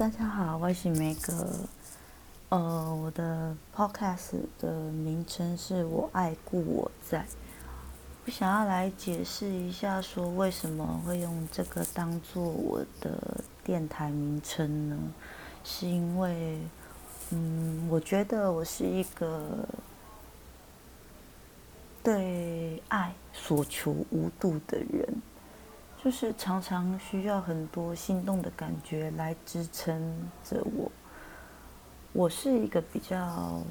大家好，我是梅格。呃，我的 podcast 的名稱是“我愛故我在”。我想要來解釋一下，說為什麼會用這個當做我的電台名稱呢？是因為，嗯，我覺得我是一個對愛索求無度的人。就是常常需要很多心動的感覺來支撐着我。我是一個比較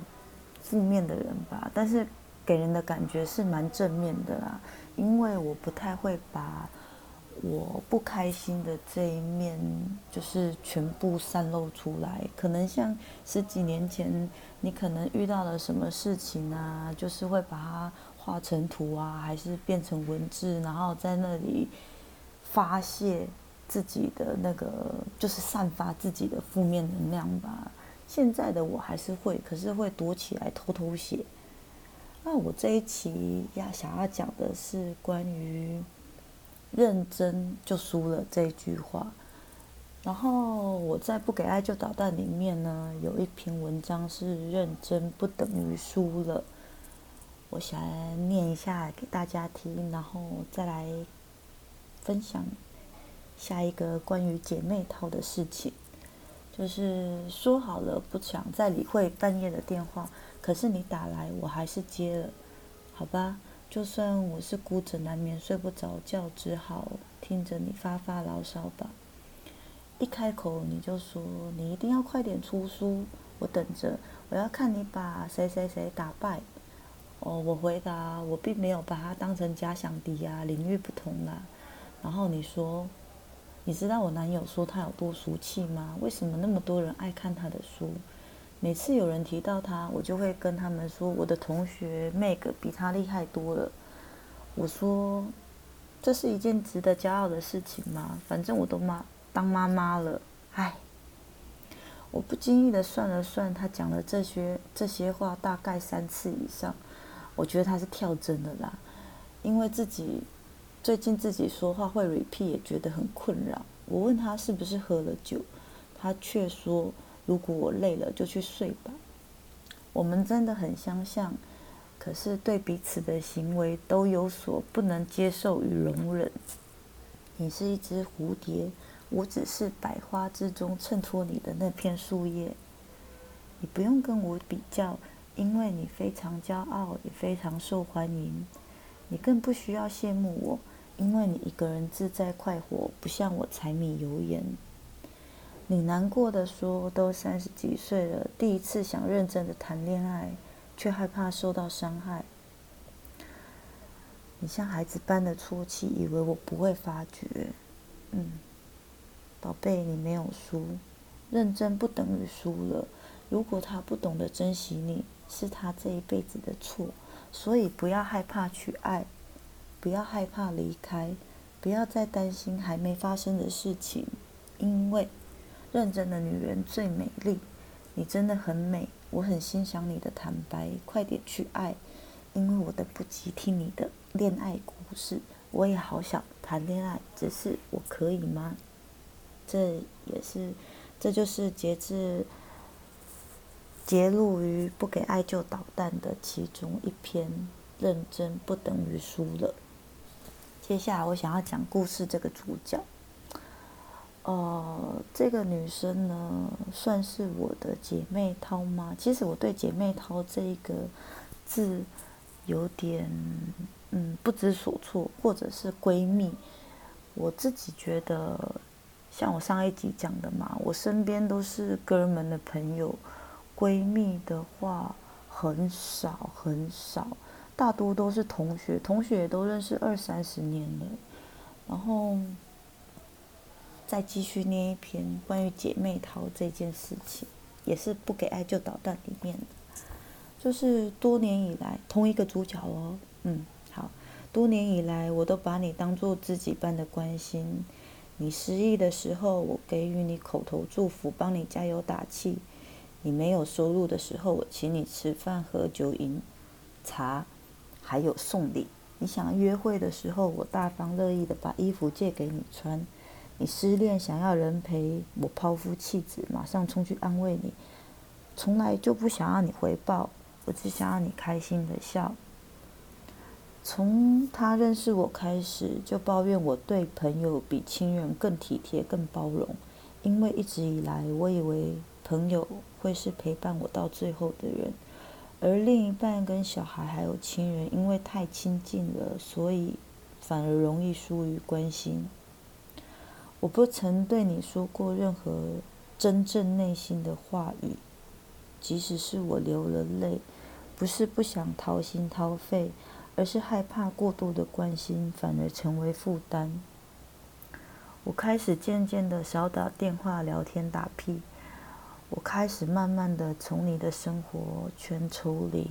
負面的人吧，但是給人的感覺是蠻正面的啦。因為我不太會把我不開心的這一面就是全部散露出來。可能像十幾年前，你可能遇到了什麼事情啊，就是會把它畫成圖啊，還是變成文字，然後在那裡。發洩自己的那個，就是散發自己的負面能量吧。現在的我還是會，可是會躲起來偷偷寫。那我這一期要想要講的是關於“認真就輸了”這一句話。然後我在《不給愛就搗蛋》裡面呢，有一篇文章是“認真不等於輸了”，我想念一下給大家聽，然後再來。分享下一個關於姐妹淘的事情，就是說好了不想再理會半夜的電話，可是你打來我還是接了。好吧，就算我是孤枕難眠睡不着覺，只好聽着你發發牢騷吧。一開口你就說你一定要快點出書，我等着，我要看你把誰誰誰打敗。哦，我回答我並沒有把它當成假想敵啊，領域不同啦，啊。然後你說，你知道我男友說他有多俗氣嗎？為什麼那麼多人愛看他的書？每次有人提到他，我就會跟他們說，我的同學 Meg 比他厲害多了。我說，這是一件值得驕傲的事情嗎？反正我都媽當媽媽了，哎，我不經意的算了算，他講了這些這些話大概三次以上，我覺得他是跳針的啦，因為自己。最近自己說話會 repeat，也覺得很困擾。我問他是不是喝了酒，他卻說：“如果我累了，就去睡吧。”我們真的很相像，可是對彼此的行為都有所不能接受與容忍。你是一只蝴蝶，我只是百花之中襯托你的那片樹葉。你不用跟我比較，因為你非常驕傲，也非常受歡迎。你更不需要羨慕我。因為你一個人自在快活，不像我柴米油鹽。你難過的說：“都三十幾歲了，第一次想認真的談戀愛，卻害怕受到傷害。”你像孩子般的啜泣，以為我不會發覺。嗯，寶貝，你沒有輸，認真不等於輸了。如果他不懂得珍惜你，是他這一輩子的錯。所以不要害怕去愛。不要害怕離開，不要再擔心還沒發生的事情，因為認真的女人最美麗。你真的很美，我很欣賞你的坦白。快點去愛，因為我等不及聽你的戀愛故事。我也好想談戀愛，只是我可以嗎？這也是，這就是節制。揭露於不給愛就搗蛋的其中一篇。認真不等於輸了。接下來我想要講故事，這個主角，呃，這個女生呢，算是我的姐妹淘嗎？其實我對姐妹淘這一個字有點嗯不知所措，或者是閨蜜，我自己覺得，像我上一集講的嘛，我身邊都是哥們的朋友，閨蜜的話很少很少。大多都是同學，同學都認識二三十年了，然後，再繼續念一篇關於姐妹淘這件事情，也是不給愛就搗蛋裡面的，就是多年以來同一個主角哦，嗯，好，多年以來我都把你當做自己般的關心，你失意的時候我給予你口頭祝福，幫你加油打氣，你沒有收入的時候我請你吃飯喝酒飲茶。還有送禮，你想約會的時候，我大方樂意的把衣服借給你穿；你失戀想要人陪，我拋夫棄子，馬上衝去安慰你。從來就不想要你回報，我只想要你開心的笑。從他認識我開始，就抱怨我對朋友比親人更體貼、更包容，因為一直以來，我以為朋友會是陪伴我到最後的人。而另一半跟小孩還有親人，因為太親近了，所以反而容易疏於關心。我不曾對你說過任何真正內心的話語，即使是我流了淚，不是不想掏心掏肺，而是害怕過度的關心反而成為負擔。我開始漸漸的少打電話聊天打屁。我開始慢慢的從你的生活圈抽離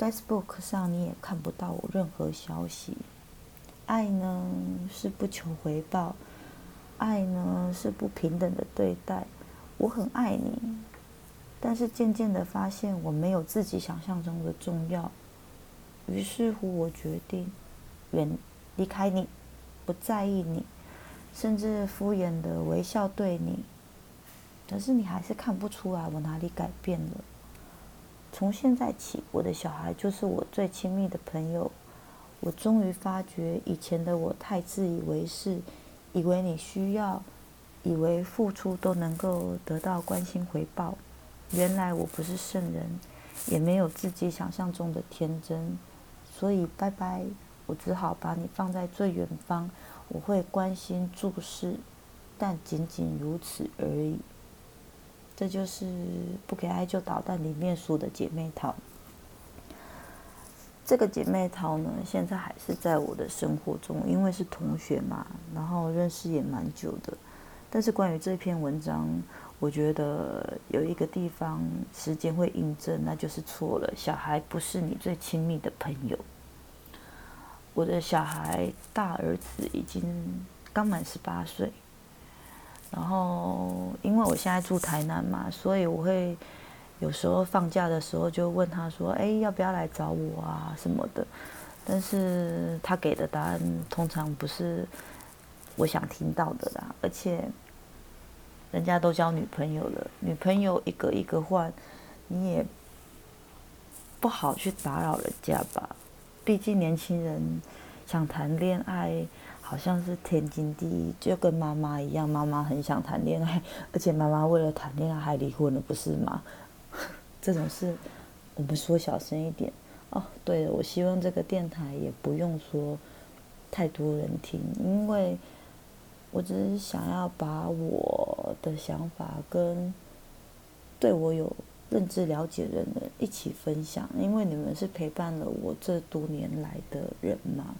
，Facebook 上你也看不到我任何消息。愛呢是不求回報，愛呢是不平等的對待。我很愛你，但是漸漸的發現我沒有自己想象中的重要，於是乎我決定遠離開你，不在意你，甚至敷衍的微笑對你。可是你還是看不出來我哪裡改變了。從現在起，我的小孩就是我最親密的朋友。我終於發覺，以前的我太自以為是，以為你需要，以為付出都能夠得到關心回報。原來我不是聖人，也沒有自己想象中的天真。所以，拜拜，我只好把你放在最遠方。我會關心注視，但僅僅如此而已。這就是《不給愛就搗蛋》裡面說的姐妹淘。這個姐妹淘呢，現在還是在我的生活中，因為是同學嘛，然後認識也蠻久的。但是關於這篇文章，我覺得有一個地方時間會印證，那就是錯了。小孩不是你最親密的朋友。我的小孩大兒子已經剛滿十八歲。然後，因為我現在住台南嘛，所以我會有時候放假的時候就問他說：“哎，要不要來找我啊，什麼的？”但是他給的答案通常不是我想聽到的啦。而且人家都交女朋友了，女朋友一個一個換，你也不好去打擾人家吧？畢竟年輕人想談戀愛。好像是天經地義，就跟媽媽一樣，媽媽很想談戀愛，而且媽媽為了談戀愛還離婚了，不是嗎？ 這種事我們說小聲一點哦。對了，我希望這個電台也不用說太多人聽，因為我只是想要把我的想法跟對我有認知、了解的人一起分享，因為你們是陪伴了我這多年來的人嘛。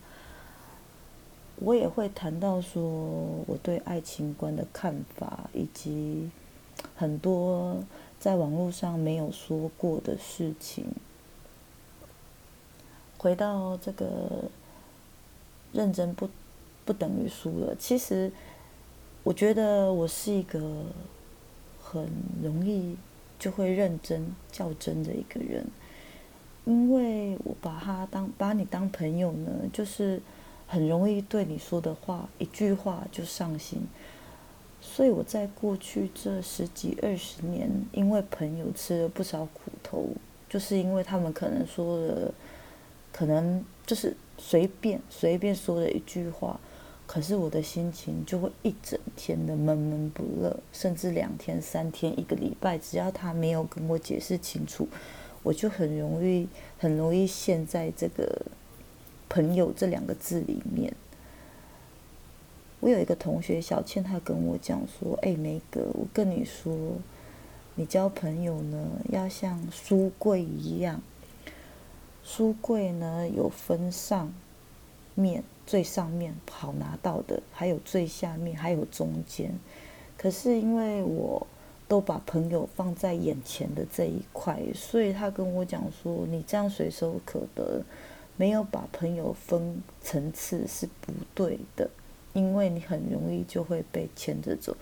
我也會談到說我對愛情觀的看法，以及很多在網絡上沒有說過的事情。回到這個認真不不等於輸了，其實我覺得我是一個很容易就會認真較真的一個人，因為我把他當把你當朋友呢，就是。很容易對你說的話，一句話就上心。所以我在過去這十幾二十年，因為朋友吃了不少苦頭，就是因為他們可能說了，可能就是隨便隨便說了一句話，可是我的心情就會一整天的悶悶不樂，甚至兩天、三天、一個禮拜，只要他沒有跟我解釋清楚，我就很容易、很容易陷在這個。朋友這兩個字裡面，我有一個同學小倩，她跟我講說：“哎、欸，梅格，我跟你說，你交朋友呢，要像書櫃一樣，書櫃呢有分上面、最上面好拿到的，還有最下面，還有中間。可是因為我都把朋友放在眼前的這一塊，所以他跟我講說，你這樣隨手可得。”沒有把朋友分層次是不對的，因為你很容易就會被牽着走。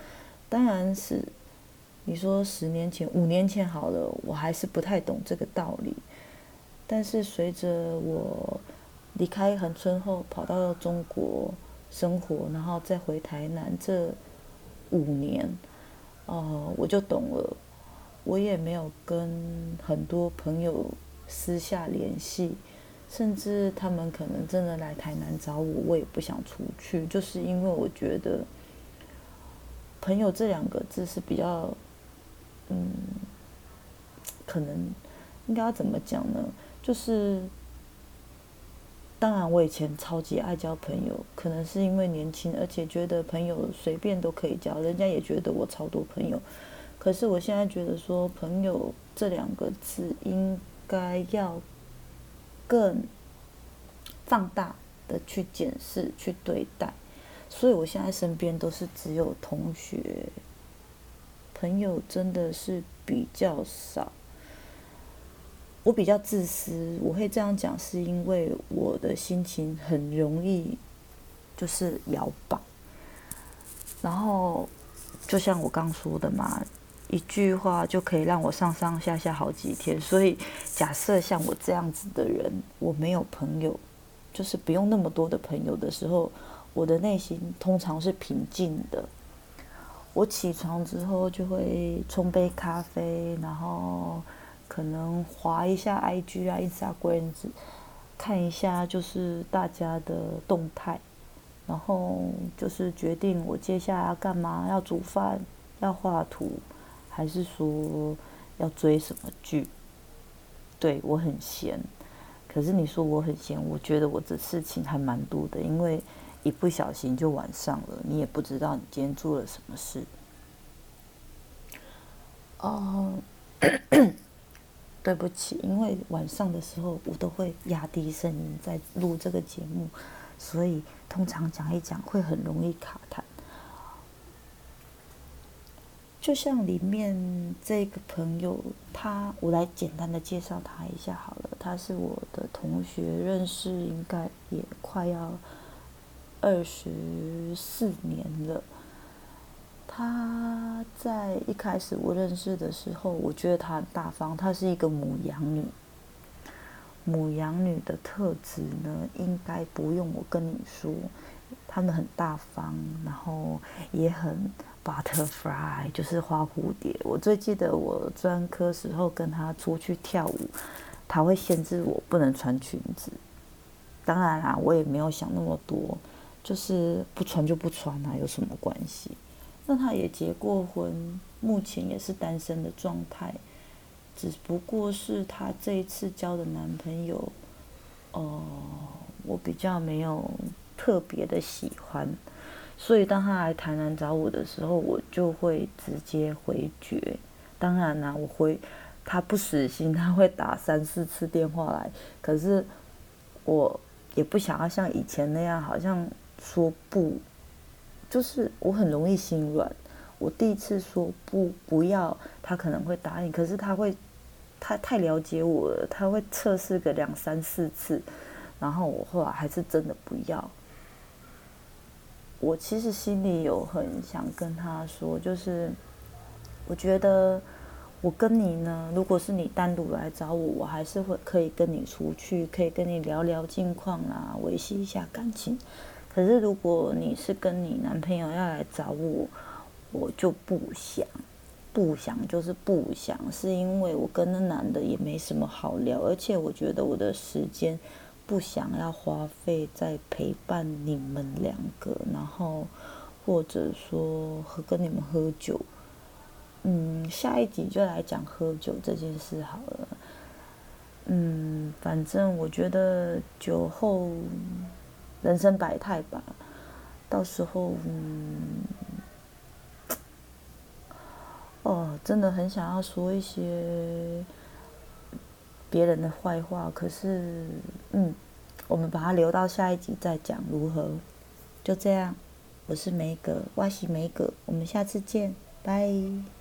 當然是你說十年前、五年前好了，我還是不太懂這個道理。但是隨着我離開恆春後，跑到了中國生活，然後再回台南這五年，呃，我就懂了。我也沒有跟很多朋友私下聯繫。甚至他們可能真的來台南找我，我也不想出去，就是因為我覺得“朋友”這兩個字是比較，嗯，可能應該要怎麼講呢？就是，當然我以前超級愛交朋友，可能是因為年輕，而且覺得朋友隨便都可以交，人家也覺得我超多朋友。可是我現在覺得說“朋友”這兩個字應該要……更放大的去檢視、去對待，所以我現在身邊都是只有同學朋友，真的是比較少。我比較自私，我會這樣講，是因為我的心情很容易就是搖擺。然後，就像我剛剛說的嘛。一句話就可以讓我上上下下好幾天，所以假設像我這樣子的人，我沒有朋友，就是不用那麼多的朋友的時候，我的內心通常是平靜的。我起床之後就會沖杯咖啡，然後可能滑一下 IG 啊、Ins 啊、看一下就是大家的動態，然後就是決定我接下來要幹嘛，要煮飯，要畫圖。還是說要追什麼劇？對我很閒，可是你說我很閒，我覺得我這事情還蠻多的，因為一不小心就晚上了，你也不知道你今天做了什麼事。哦、嗯， 對不起，因為晚上的時候我都會壓低聲音在錄這個節目，所以通常講一講會很容易卡痰。就像裡面這個朋友，他我來簡單的介紹他一下好了。他是我的同學，認識應該也快要二十四年了。他在一開始我認識的時候，我覺得他很大方，他是一個牡羊女。牡羊女的特質呢，應該不用我跟你說，他們很大方，然後也很。butterfly 就是花蝴蝶，我最記得我專科時候跟他出去跳舞，他會限制我不能穿裙子。當然啦，我也沒有想那麼多，就是不穿就不穿啦，有什麼關係？那他也結過婚，目前也是單身的狀態，只不過是他這一次交的男朋友，呃，我比較沒有特別的喜歡。所以當他來台南找我的時候，我就會直接回絕。當然啦、啊，我回他不死心，他會打三四次電話來。可是我也不想要像以前那樣，好像說不，就是我很容易心軟。我第一次說不不要，他可能會答應。可是他會他太了解我了，他會測試個兩三四次，然後我後來還是真的不要。我其實心裡有很想跟他說，就是我覺得我跟你呢，如果是你單獨來找我，我還是會可以跟你出去，可以跟你聊聊近況啊，維繫一下感情。可是如果你是跟你男朋友要來找我，我就不想，不想就是不想，是因為我跟那男的也沒什麼好聊，而且我覺得我的時間。不想要花費在陪伴你們兩個，然後或者說和跟你們喝酒，嗯，下一集就來講喝酒這件事好了。嗯，反正我覺得酒後人生百態吧。到時候，嗯，哦，真的很想要說一些。別人的壞話，可是，嗯，我們把它留到下一集再講如何？就這樣，我是梅格，哇洗梅格，我們下次見，拜拜。